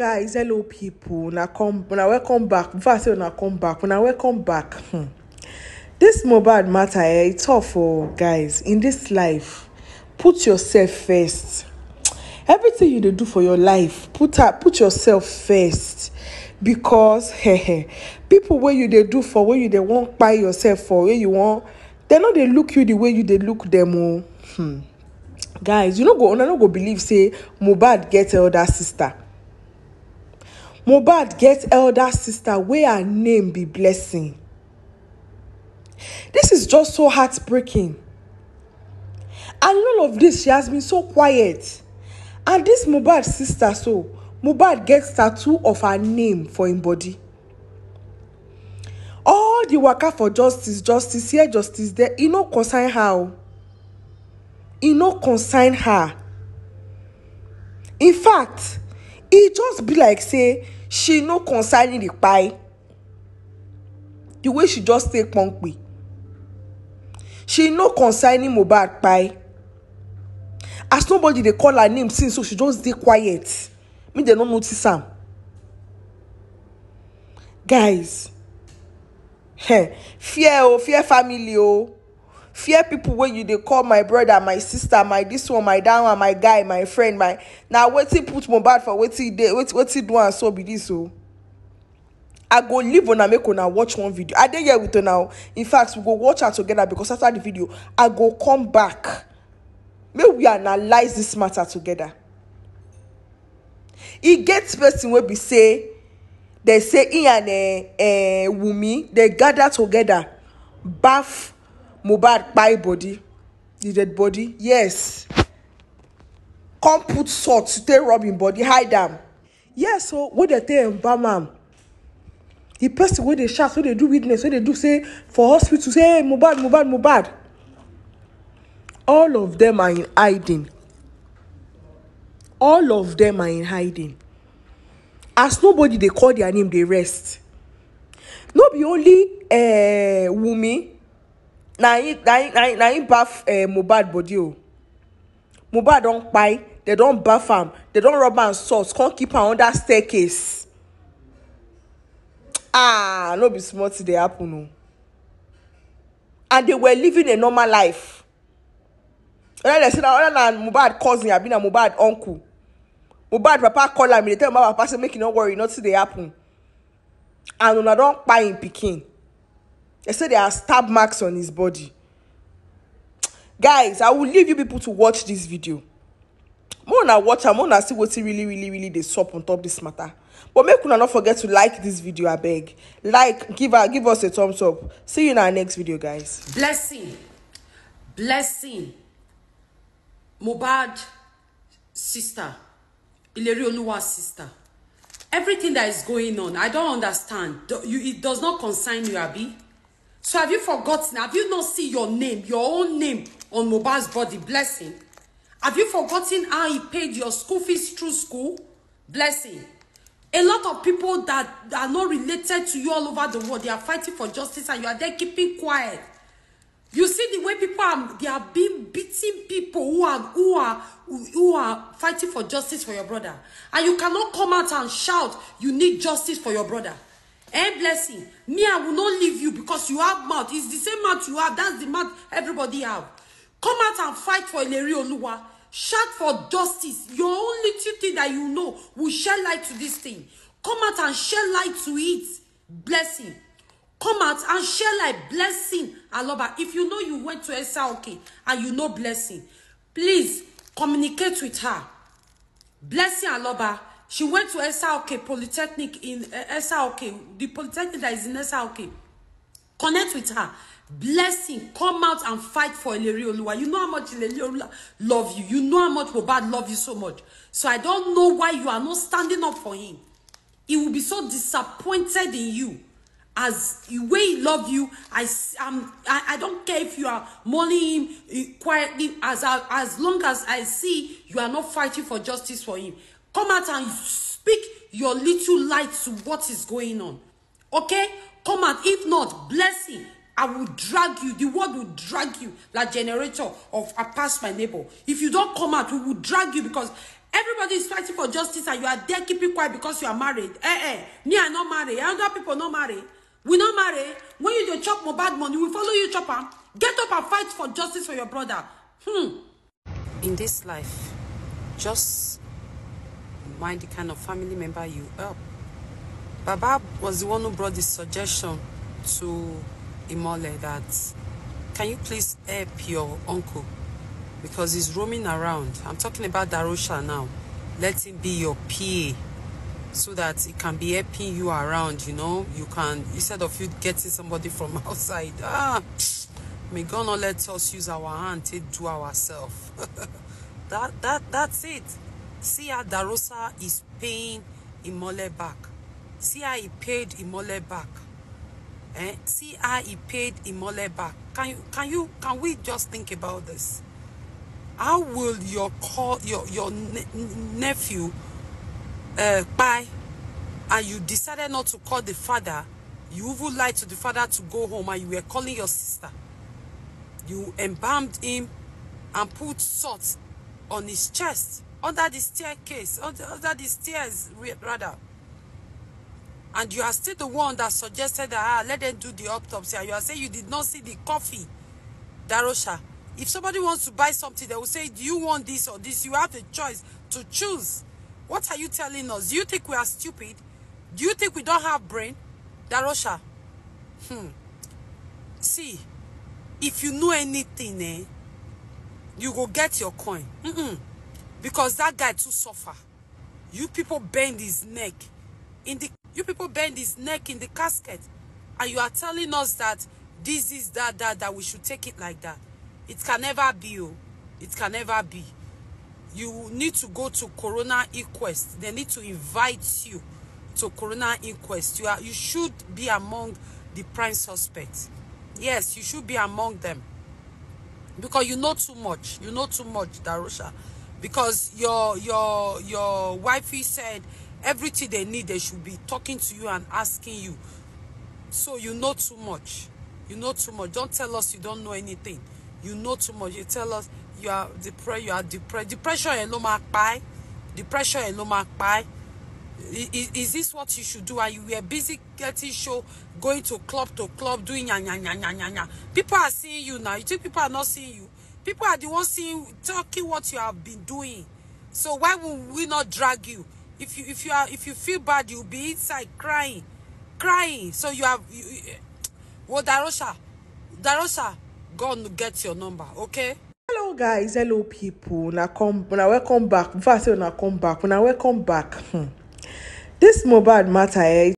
guys hello pipo una welcome back before say come back I welcome back hmm mobad matter eh its tough oh guys in this life put yourself first everything you do for your life put up, put yourself first because people where you they do for where you won't buy yourself for where you want. They no they look you the way you they look them, oh hmm guys you know go una not go believe say mobad get other sister mohbad get elder sister wey her name be blessing this is just so heartbreaking and all of this she has been so quiet and this mohbad sister so mohbad get tattoo of her name for im body all the waka for justice justice here justice there e no concern her o e no concern her in fact e just be like say she no concerning the pie, the way she just take pompe she no concerning mohbad pie. as nobody dey call her name since so she just dey quiet make dem no notice am guys fear o fear family o fear people wey you dey call my brother, my sister my this one my that one my guy my friend my na wetin put mohbad for wetin do am so be this? o oh. i go leave una make una watch one video i dey here with una oh. in fact we go watch am together because after the video i go come back make we analyse this matter together e get person wey be say dem say e and eh, eh, wumi dey gather together baff Mohbad kpai body the dead body yes come put salt to take rub im body hide am yes so wey dey take embalm am the person wey dey shout wey dey do witness wey dey do say for hospital say hey Mohbad Mohbad Mohbad all of them are in hiding all of them are in hiding as nobody dey call their name dey rest no be only uh, Wunmi na im baff eh, mohbad body o mohbad don kpai dem don baff am dem don rub am salt come keep am under staircase ah no be small thing dey happen o and they were living a normal life And then dem say na other than mohbad cousin abi na mohbad uncle mohbad papa call am e dey tell mohbad papa say make e no worry nothing dey happen and una don kpai im pikin They said there are stab marks on his body. Guys, I will leave you people to watch this video. More na watch am, more na see what really, really, really they sup on top this matter. But make sure not forget to like this video, I beg. Like, give her, give us a thumbs up. See you in our next video, guys. Blessing, blessing, Mohbad sister, Ilerioluwa's sister. Everything that is going on, I don't understand. You, it does not concern you, Abby. So have you forgotten? Have you not seen your name, your own name on Mohbad's body? Blessing. Have you forgotten how he paid your school fees through school? Blessing. A lot of people that are not related to you all over the world, they are fighting for justice and you are there keeping quiet. You see the way people are they are being beating people who are who are who are fighting for justice for your brother. And you cannot come out and shout you need justice for your brother. Hey blessing. Me, I will not leave you because you have mouth. It's the same mouth you have. That's the mouth everybody have. Come out and fight for Ileri Oluwa. Shout for justice. Your only two thing that you know will share light to this thing. Come out and share light to it. Blessing. Come out and share light. Blessing. Aloba. If you know you went to Esa, and you know blessing, please communicate with her. Blessing Aloba. She went to SRK Polytechnic in uh, eh, SRK, the Polytechnic that is in SRK. Connect with her. Blessing, come out and fight for Ileri Oluwa. You know how much Ileri Oluwa love you. You know how much Mohbad love you so much. So I don't know why you are not standing up for him. He will be so disappointed in you. As the way he love you, I um, I, I don't care if you are mourning him eh, quietly. As as long as I see you are not fighting for justice for him, Come out and speak your little light to what is going on. Okay? Come out. If not, blessing. I will drag you. The word will drag you like generator of a past my neighbor. If you don't come out, we will drag you because everybody is fighting for justice and you are there keeping quiet because you are married. Eh eh. Me, I not married. Other people not married. We not married. When you do chop more bad money, we follow you chopper. Get up and fight for justice for your brother. Hmm. In this life, just mind the kind of family member you help. Baba was the one who brought the suggestion to Imole that can you please help your uncle because he's roaming around. I'm talking about Darusha now. Let him be your PA so that he can be helping you around, you know. You can, instead of you getting somebody from outside, ah, may God not let us use our hand to do ourselves. that, that, that's it. See how Darosa is paying Imole back. See how he paid Imole back. Eh? See how he paid Imole back. Can you, can you, can we just think about this? How will your call, your your ne nephew, uh, eh, buy, and you decided not to call the father? You even lied to the father to go home, and you were calling your sister. You embalmed him and put salt on his chest under the staircase, under, under the stairs, rather. And you are still the one that suggested that, ah, let them do the autopsy. And you are saying you did not see the coffee, Darosha. If somebody wants to buy something, they will say, do you want this or this? You have the choice to choose. What are you telling us? Do you think we are stupid? Do you think we don't have brain? Darosha. Hmm. See, if you know anything, eh, you go get your coin. Mm-mm because that guy too suffer you people bend his neck in the you people bend his neck in the casket and you are telling us that this is that that that we should take it like that it can never be oh it can never be you need to go to corona inquest they need to invite you to corona inquest you are you should be among the prime suspects yes you should be among them because you know too much you know too much Darusha because your your your wifey said everything they need they should be talking to you and asking you so you know too much you know too much don't tell us you don't know anything you know too much you tell us you are depressed you are depressed depression yẹn no máa pa depression yẹn no máa pa is, is this what you should do Are you are busy getting show going to club to club doing yanya yanya yanya people are seeing you now you think people are not seeing you people are the ones seeing talking what you have been doing so why would we not drag you if you if you are if you feel bad you'll be inside crying crying so you have you, eh, well darosha darosha go and get your number okay hello guys hello people now come now welcome back first now come back now welcome back hmm. this mobile matter eh?